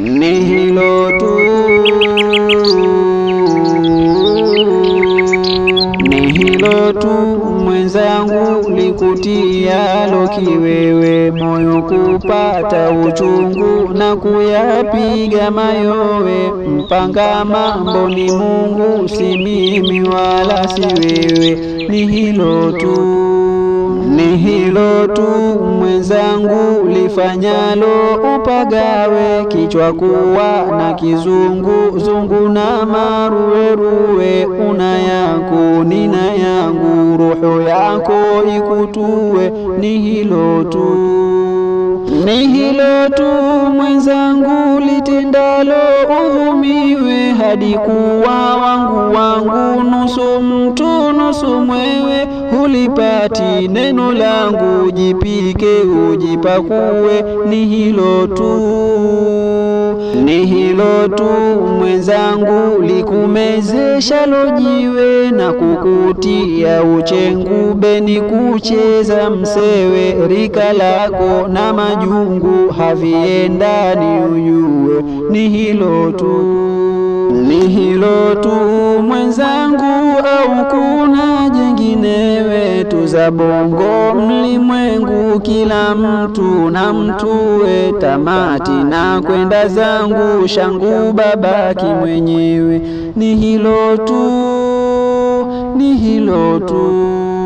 ni hilo tu, ni hilo tu mwenzangu, likutialo kiwewe moyo kupata uchungu na kuyapiga mayowe. Mpanga mambo ni Mungu, si mimi wala si wewe, ni hilo tu hilo tu mwenzangu lifanyalo, upagawe kichwa kuwa na kizungu zungu na maruweruwe, una yako nina yangu, roho yako ikutuwe, ni hilo tu ni hilo tu mwenzangu litendalo, udhumiwe hadi kuwa wangu wangu nusu mtu unaso mwewe hulipati neno langu, jipike ujipakue, ni hilo tu, ni hilo tu mwenzangu, likumezesha lojiwe na kukutia uchengube, ni kucheza msewe, rika lako na majungu haviendani, ujue ni hilo tu, ni hilo tu mwenzangu au za bongo mlimwengu, kila mtu na mtuwe tamati, na kwenda zangu shangu, babaki mwenyewe. Ni hilo tu, ni hilo tu.